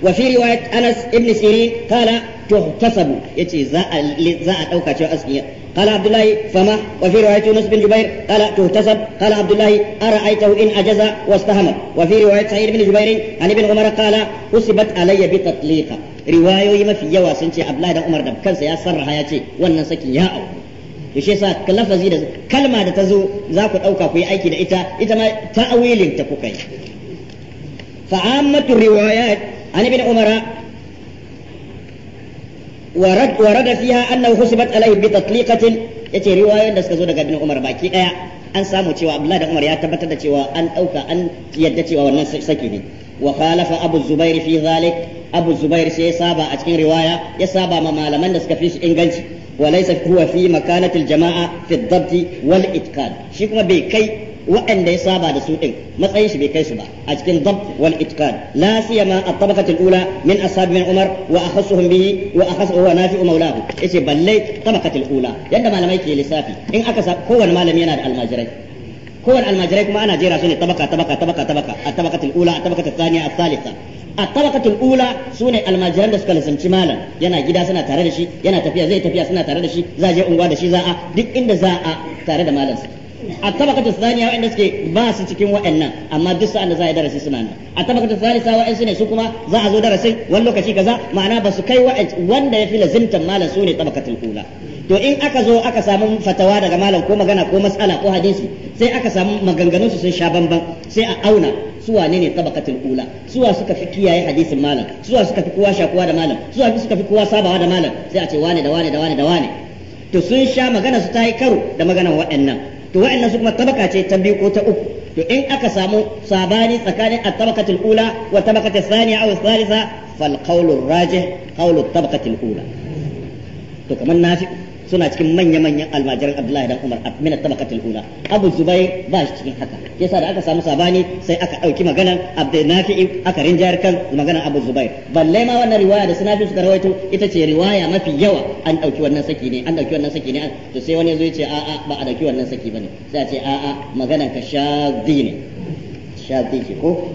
wa fi Anas ibn Sirin kala tuhtasabu yace za a za a dauka cewa azmiya kala Abdullahi fama wa fi riwayat bin Jubair kala tuhtasab kala Abdullahi ara aitahu in ajaza wastahama wa fi riwayat Sa'id bin Jubair an ibn Umar kala usibat alayya tatliqa riwayoyi mafi yawa sun ce Abdullahi dan Umar da kansa ya sarraha ya ce wannan saki ya auku to shi yasa lafazi da kalma da ta zo za ku ɗauka ku yi aiki da ita ita ma ta'awilin ta kuka yi fa'ammatu riwayat an ibn umara ورد ورد فيها انه حسبت عليه بتطليقه yace riwayoyin da suka zo daga ibn Umar baki ɗaya, an samu cewa Abdullah da Umar ya tabbatar da cewa an dauka an yadda cewa wannan saki ne Wakalafa khalafa Abu Zubair fi Abu Zubair sai ya saba a cikin riwaya ya sabawa malaman da suka fi su inganci وليس هو في مكانة الجماعة في الضبط والإتقان شيكما بكي وأن ليس بعد سوء ما تعيش بكي سبع أجل الضبط والإتقان لا سيما الطبقة الأولى من أصحاب من عمر وأخصهم به وأخص هو نافع مولاه إيش بليت طبقة الأولى يد ما لم يكي لسافي إن أكسب هو ما لم ينال المجرد هو المجرد ما أنا جيرا سني طبقة طبقة طبقة طبقة الطبقة الأولى الطبقة الثانية الثالثة a talakatul ula su ne almajiran da suka lisanci malam yana gida suna tare da shi yana tafiya zai tafiya suna tare da shi za je unguwa da shi za a duk inda za a tare da malam a tabakatu thaniya wa'anda suke ba su cikin wa'annan amma duk sa'an da za a darasi suna nan a tabakatu thalitha wa'ansu ne su kuma za a zo darasin wani lokaci kaza ma'ana ba su kai wanda ya fi lazimtan malam su ne tabakatul ula to in aka zo aka samu fatawa daga malam ko magana ko matsala ko hadisi sai aka samu maganganun su sun sha bamban sai a auna suwa ne ne tabaqatul ula suwa suka fi kiyaye hadisin malam suwa suka fi kowa shakuwa da malam suwa suka fi kowa sabawa da malam sai a ce wane da wane da wane da wane to sun sha magana su ta yi karo da maganar waɗannan to waɗannan su kuma tabaka ce ta biyu ko ta uku to in aka samu sabani tsakanin at-tabaqatul ula wa tabaqatul thaniya aw thalitha fal qawlu rajih qawlu tabaqatul ula to kamar nafi suna cikin manya-manyan almajiran Abdullahi dan Umar min tabaqatil ula Abu Zubair ba shi cikin haka yasa da aka samu sabani sai aka dauki maganar Abdul Nafi aka rinjayar kan maganar Abu Zubair balle ma wannan riwaya da sunafi suka rawaito ita ce riwaya mafi yawa an dauki wannan saki ne an dauki wannan saki ne to sai wani yazo ya a a'a ba a dauki wannan saki bane sai a ce a maganar ka shadi ne shadi ko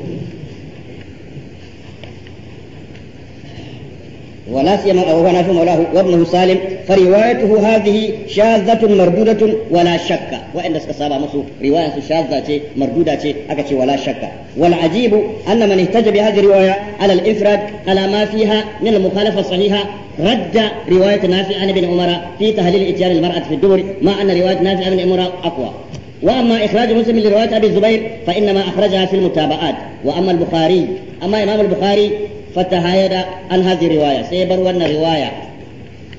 ولا سيما وهو نافع مولاه وابنه سالم فروايته هذه شاذة مردودة ولا شك وإن سكسابا مسو رواية شاذة مردودة أكتش ولا شك والعجيب أن من اهتج بهذه الرواية على الإفراد على ما فيها من المخالفة الصحيحة رد رواية نافع عن ابن عمر في تهليل إتيان المرأة في الدبر مع أن رواية نافع عن ابن عمر أقوى واما اخراج مسلم لروايه ابي الزبير فانما اخرجها في المتابعات واما البخاري اما امام البخاري فتهايد عن هذه الرواية سيبر ون رواية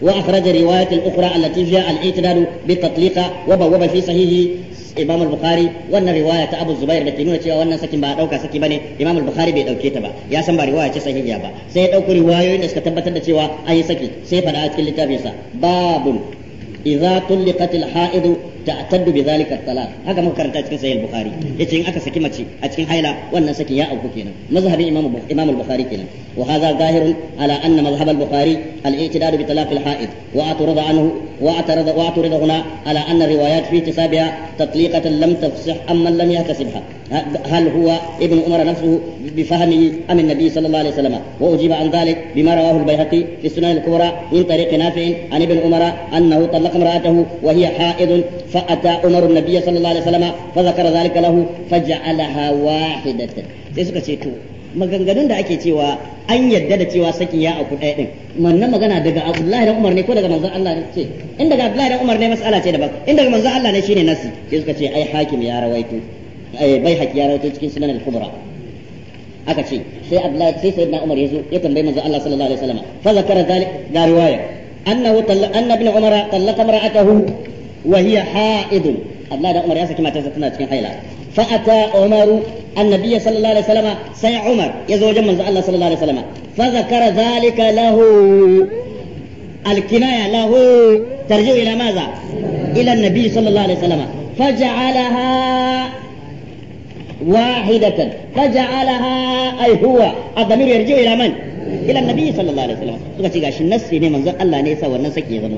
وأخرج الرواية الأخرى التي فيها الاعتدال بالتطليق وبوب في صحيح sahihi imamul bukari wannan riwaya ta Abu Zubair da ke nuna cewa wannan sakin ba a dauka saki bane Imam al-Bukhari bai dauke ta ba ya san ba riwaya ce sahihiya ba sai ya dauko riwayoyin da suka tabbatar da cewa a yi saki sai fada a cikin littafin sa babu. إذا طلقت الحائض تعتد بذلك الطلاق هذا من كرنت أتكن سيد البخاري يتين أكا سكي مكشي أتكن حيلا وأن سكي يا أبو كينا مذهب إمام البخاري كينا وهذا ظاهر على أن مذهب البخاري الاعتداد بطلاق الحائض وأعترض عنه وأعترض وأعترض هنا على أن الروايات في اكتسابها تطليقة لم تفصح أما لم يكتسبها هل هو ابن عمر نفسه بفهمه أم النبي صلى الله عليه وسلم وأجيب عن ذلك بما رواه البيهقي في السنن الكبرى من طريق نافع عن ابن عمر أنه طلق امرأته وهي حائض فأتى عمر النبي صلى الله عليه وسلم فذكر ذلك له فجعلها واحدة sai suka ce to maganganun da ake cewa an yadda da cewa saki ya auku ɗaya ɗin manna magana daga Abdullahi dan Umar ne ko daga manzon Allah ce in daga Abdullahi dan Umar ne mas'ala ce daban in daga manzon Allah ne shine nasi sai suka ce ai hakim ya rawaito ai bai haki ya rawaito cikin sunan al-kubra aka ce sai Abdullahi sai sayyidina Umar yazo ya tambaye manzon Allah sallallahu alaihi wasallam fa zakara zalik ga riwaya أنه طلق أن ابن عمر طلق امرأته وهي حائض الله ده عمر يا سكي ما تزتنا cikin haila فأتى عمر النبي صلى الله عليه وسلم سي عمر يزوج من الله صلى الله عليه وسلم فذكر ذلك له الكناية له ترجع إلى ماذا إلى النبي صلى الله عليه وسلم فجعلها واحدة فجعلها أي هو الضمير يرجع إلى من؟ إلى النبي صلى الله عليه وسلم سكتي قاش النسي من الله ليس والنسك يزمو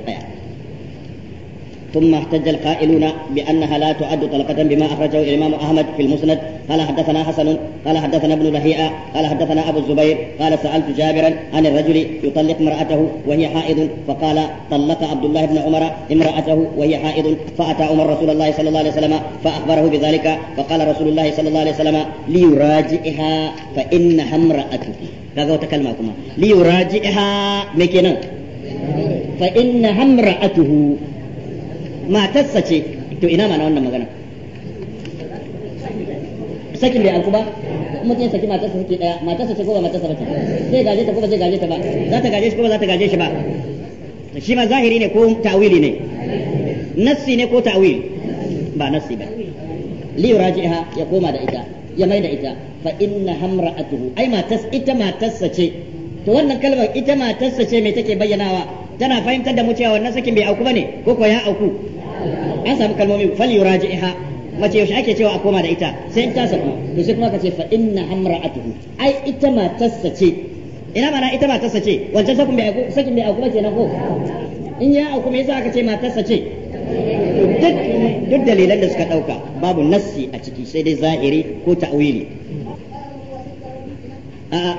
ثم احتج القائلون بأنها لا تعد طلقة بما أخرجه الإمام أحمد في المسند قال حدثنا حسن قال حدثنا ابن لهيئة قال حدثنا أبو الزبير قال سألت جابرا عن الرجل يطلق امرأته وهي حائض فقال طلق عبد الله بن عمر امرأته وهي حائض فأتى عمر رسول الله صلى الله عليه وسلم فأخبره بذلك فقال رسول الله صلى الله عليه وسلم ليراجعها فإنها امرأته هذا وتكلمكما kalma مكنا فانها امراته matarsa ce to ina ma na wannan magana sakin bai alku ba mutum ya saki matarsa suke daya matarsa ce ko ba matarsa ba ce zai gaje ta ko ba zai gaje ta ba za ta gaje shi ko ba za ta gaje shi ba shi ma zahiri ne ko ta'wili ne nassi ne ko ta'wil ba nassi ba li yuraji'ha ya koma da ita ya mai da ita fa inna hamra'atuhu ai matas ita matarsa ce to wannan kalmar ita matarsa ce me take bayyanawa tana fahimtar da mu cewa wannan sakin bai auku bane ko ko ya auku an samu kalmomin fal iha mace yaushe ake cewa a koma da ita sai in ta saku to sai kuma ka ce fa inna amra'atuhu ai ita matarsa ce ina mana ita matarsa ce wancan sakun bai aiko sakin bai ba kenan ko in ya aiko me yasa aka ce matarsa ce duk duk dalilan da suka dauka babu nassi a ciki sai dai zahiri ko ta'wili a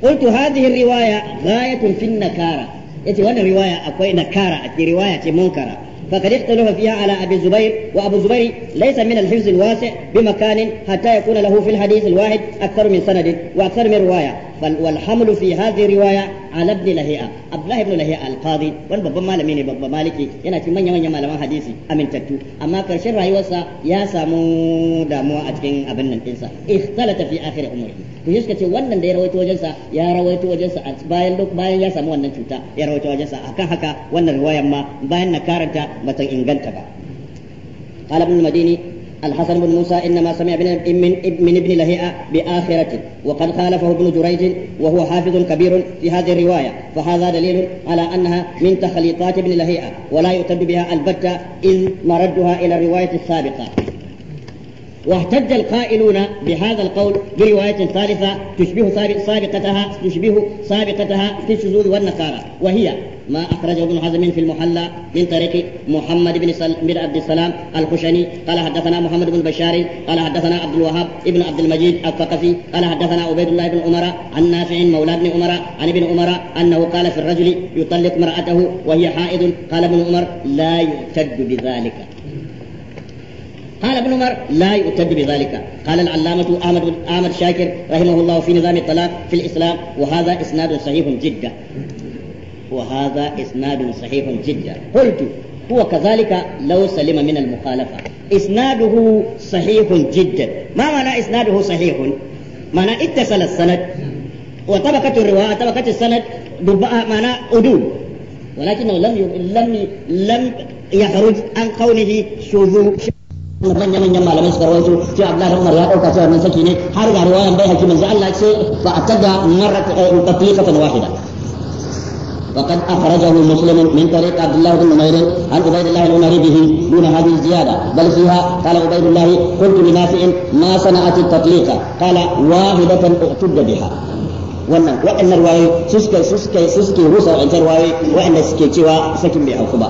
qultu hadhihi riwaya ghayatun fin nakara yace wannan riwaya akwai nakara a riwaya ce munkara فقد اختلف فيها على أبي الزبير وأبو الزبير ليس من الحفظ الواسع بمكان حتى يكون له في الحديث الواحد أكثر من سند وأكثر من رواية bal wal hamlu fi hadhihi riwaya ala ibn lahi'a abdullah ibn lahi'a al qadi wani babban malami ne babban maliki yana cikin manyan manyan malaman hadisi amintattu amma karshen rayuwarsa ya samu damuwa a cikin abin nan dinsa ikhtalata fi akhir umrihi to shi suka wannan da ya rawaito wajensa ya rawaito wajensa bayan bayan ya samu wannan cuta ya rawaito wajensa akan haka wannan riwayar ma bayan na karanta bata inganta ba قال ابن الحسن بن موسى إنما سمع من ابن لهيئة بآخرة وقد خالفه ابن جريج وهو حافظ كبير في هذه الرواية فهذا دليل على أنها من تخليطات ابن لهيئة ولا يؤتد بها البتة إذ مردها إلى الرواية السابقة واهتد القائلون بهذا القول برواية ثالثة تشبه سابقتها تشبه سابقتها في الشذوذ والنصارى وهي ما أخرجه ابن حزم في المحلى من طريق محمد بن, سل... بن عبد السلام الخشني قال حدثنا محمد بن بشار قال حدثنا عبد الوهاب ابن عبد المجيد الثقفي قال حدثنا عبيد الله بن عمر عن نافع مولى بن عمر عن ابن عمر أنه قال في الرجل يطلق امرأته وهي حائض قال ابن عمر لا يعتد بذلك قال ابن عمر لا يؤتد بذلك قال العلامة أحمد أحمد شاكر رحمه الله في نظام الطلاق في الإسلام وهذا إسناد صحيح جدا وهذا إسناد صحيح جدا قلت هو كذلك لو سلم من المخالفة إسناده صحيح جدا ما معنى إسناده صحيح معنى اتصل السند وطبقة الرواية طبقة السند ضبها معنى أدول ولكنه لم لم لم يخرج عن قوله شذوذ mun manya manyan malamai suka rawaito sai Abdullahi Umar ya dauka cewa mun saki ne har ga riwayan bai hakimin sai Allah ce fa atada marrat ayu qatifa wahida وقد أخرجه مسلم من طريق عبد الله بن نمير عن عبيد الله العمري به دون هذه الزيادة بل فيها قال عبيد الله قلت لنافع ما صنعت التطليقة قال واحدة اعتد بها وأن وأن الرواية سسكي سسكي سسكي روسا وأن الرواية وأن سكي تشيوا سكن بها الخبر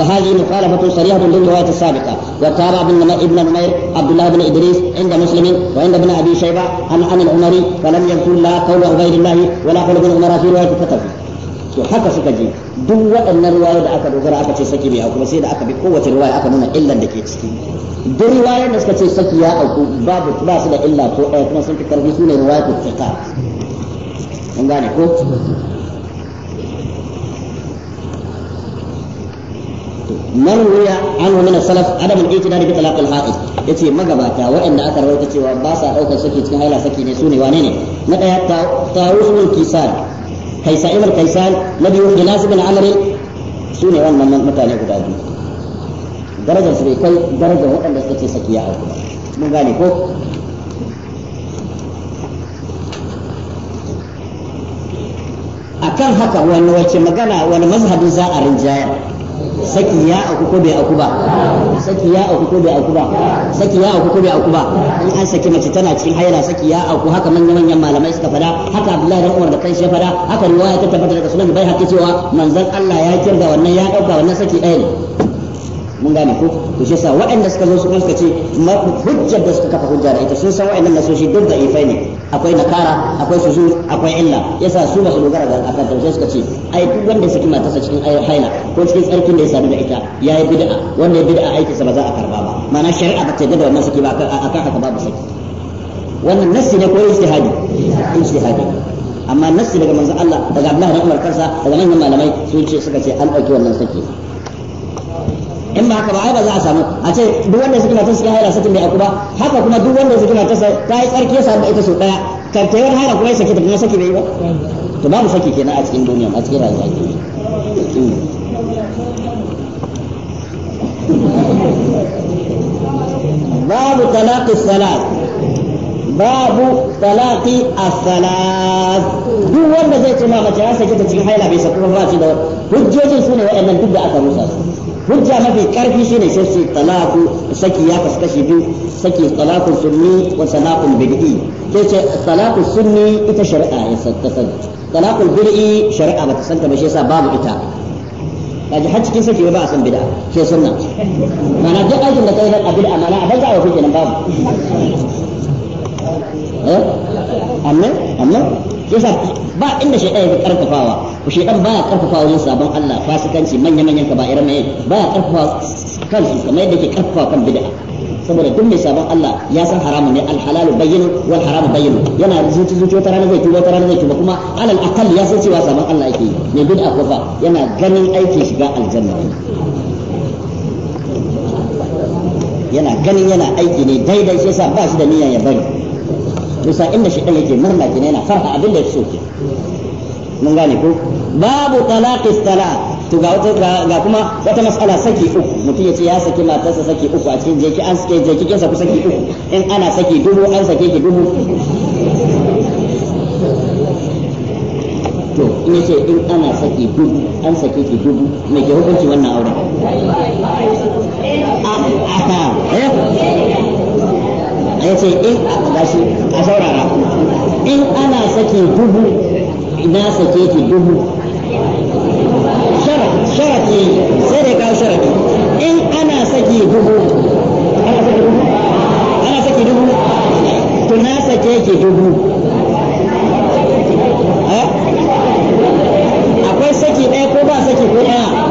فهذه مخالفة صريحة للرواية السابقة وكان ابن ابن عمير عبد الله بن ادريس عند مسلم وعند ابن ابي شيبة عن عن العمري فلم يذكر لا قول غير الله ولا قول ابن عمر في رواية الفتح وحكى سكجي دو ان الرواية اكا دوغرا اكا تسكي او كما سيد اكا بقوة الرواية اكا منا الا لكي تسكي دو رواية نسكا تسكي او باب تباس الا تو اكنا إيه، سنتكر بسونا رواية الفتح انغاني كو man wuya an min salaf adam Ita, itidal bi talaq al-ha'id yace magabata waɗanda aka rawaita cewa ba sa daukar saki cikin haila saki ne sune wane ne na daya tawus min kisan kaisa ibn kaisan na biyu khilas ibn amr sune wannan mutane guda biyu darajar su bai kai darajar waɗanda suka saki ya auku mun gane ko akan haka wani wace magana wani mazhabi za a rinjayar saki ya aku ko bai aku ba ko bai ba ko bai ba in an saki mace tana cikin hayala saki ya aku haka manyan manyan malamai suka fada haka Abdullahi dan Umar da kanshi ya fada haka riwaya ta tabbata daga sunan bai hakki cewa manzon Allah ya kirga wannan ya dauka wannan saki ɗaya ne mun gane ko to shi yasa waɗanda suka zo su kuma suka ce hujjar da suka kafa hujja da ita sun san waɗannan nasoshi duk da ifai ne akwai nakara akwai suzu akwai illa yasa su ba su dogara ga akan tausayi suka ce ai duk wanda saki matarsa cikin haila ko cikin tsarkin da ya sadu da ita yayi bid'a wanda ya bid'a sa ba za a karba ba ma'ana shari'a ba ta yarda wannan saki ba akan haka babu saki wannan nassi ne ko ijtihadi ijtihadi amma nassi daga manzon Allah daga Abdullah ibn Umar kansa daga manyan malamai sun ce suka ce an dauki wannan saki in ba haka ba ai ba za a samu a ce duk wanda suke ta suke haila sakin bai aku ba haka kuma duk wanda suke na ta yi tsarki ya samu ita so daya kan ta haila kuma ya saki ta kuma saki bai ba to babu saki kenan a cikin duniya a cikin rayuwa ke hmm. babu talaqi salat babu talaqi as-salat duk wanda zai ce ma mace ya saki ta cikin haila bai saki ba ba shi da hujjojin sune ne waɗannan duk da aka rusa su hujja mafi karfi shine sai talaku saki ya kasu biyu saki talakun sunni wa talakun bid'i sai ce talakun sunni ita shari'a ya ta talakun bid'i shari'a ba ta santa ba shi yasa babu ita kaji har cikin saki ba a san bid'a sai sunna mana duk aikin da kai a bid'a mana a banza wa kuke nan babu amma eh? amma sa ba inda shaitan yake karfafawa ba ya karfafawa yin sabon Allah fasikanci manya manyan kaba'ir ba baya karfafawa kansu kamar yadda ke karfafa kan bid'a saboda duk mai sabon Allah ya san haramun ne alhalalu bayyinu wal haramu bayyinu yana zuci zuci wata rana zai tuba wata rana zai tuba kuma alal aqal ya san cewa sabon Allah yake yi ne bid'a ko fa yana ganin aikin shiga aljanna yana ganin yana aiki ne daidai sai sa ba shi da niyya ya bari bisa inda shi yake murna kina yana farha abin da ya so ke mun gane ko babu talaqis talaq to ga wata ga kuma wata mas'ala saki uku mutum ya ce ya saki matarsa saki uku a cikin jeki an saki jeki kinsa ku saki uku in ana saki dubu an sake ki dubu to in yace in ana saki dubu an sake ki dubu me ke hukunci wannan auren ya ce in eh, gashi a saurara in ana sake dubu na sake ki dubu sharafi sai da kawo sharafi in ana sake dubu ana sake dubu to na sake ki dubu akwai saki ɗaya ko ba saki ko ɗaya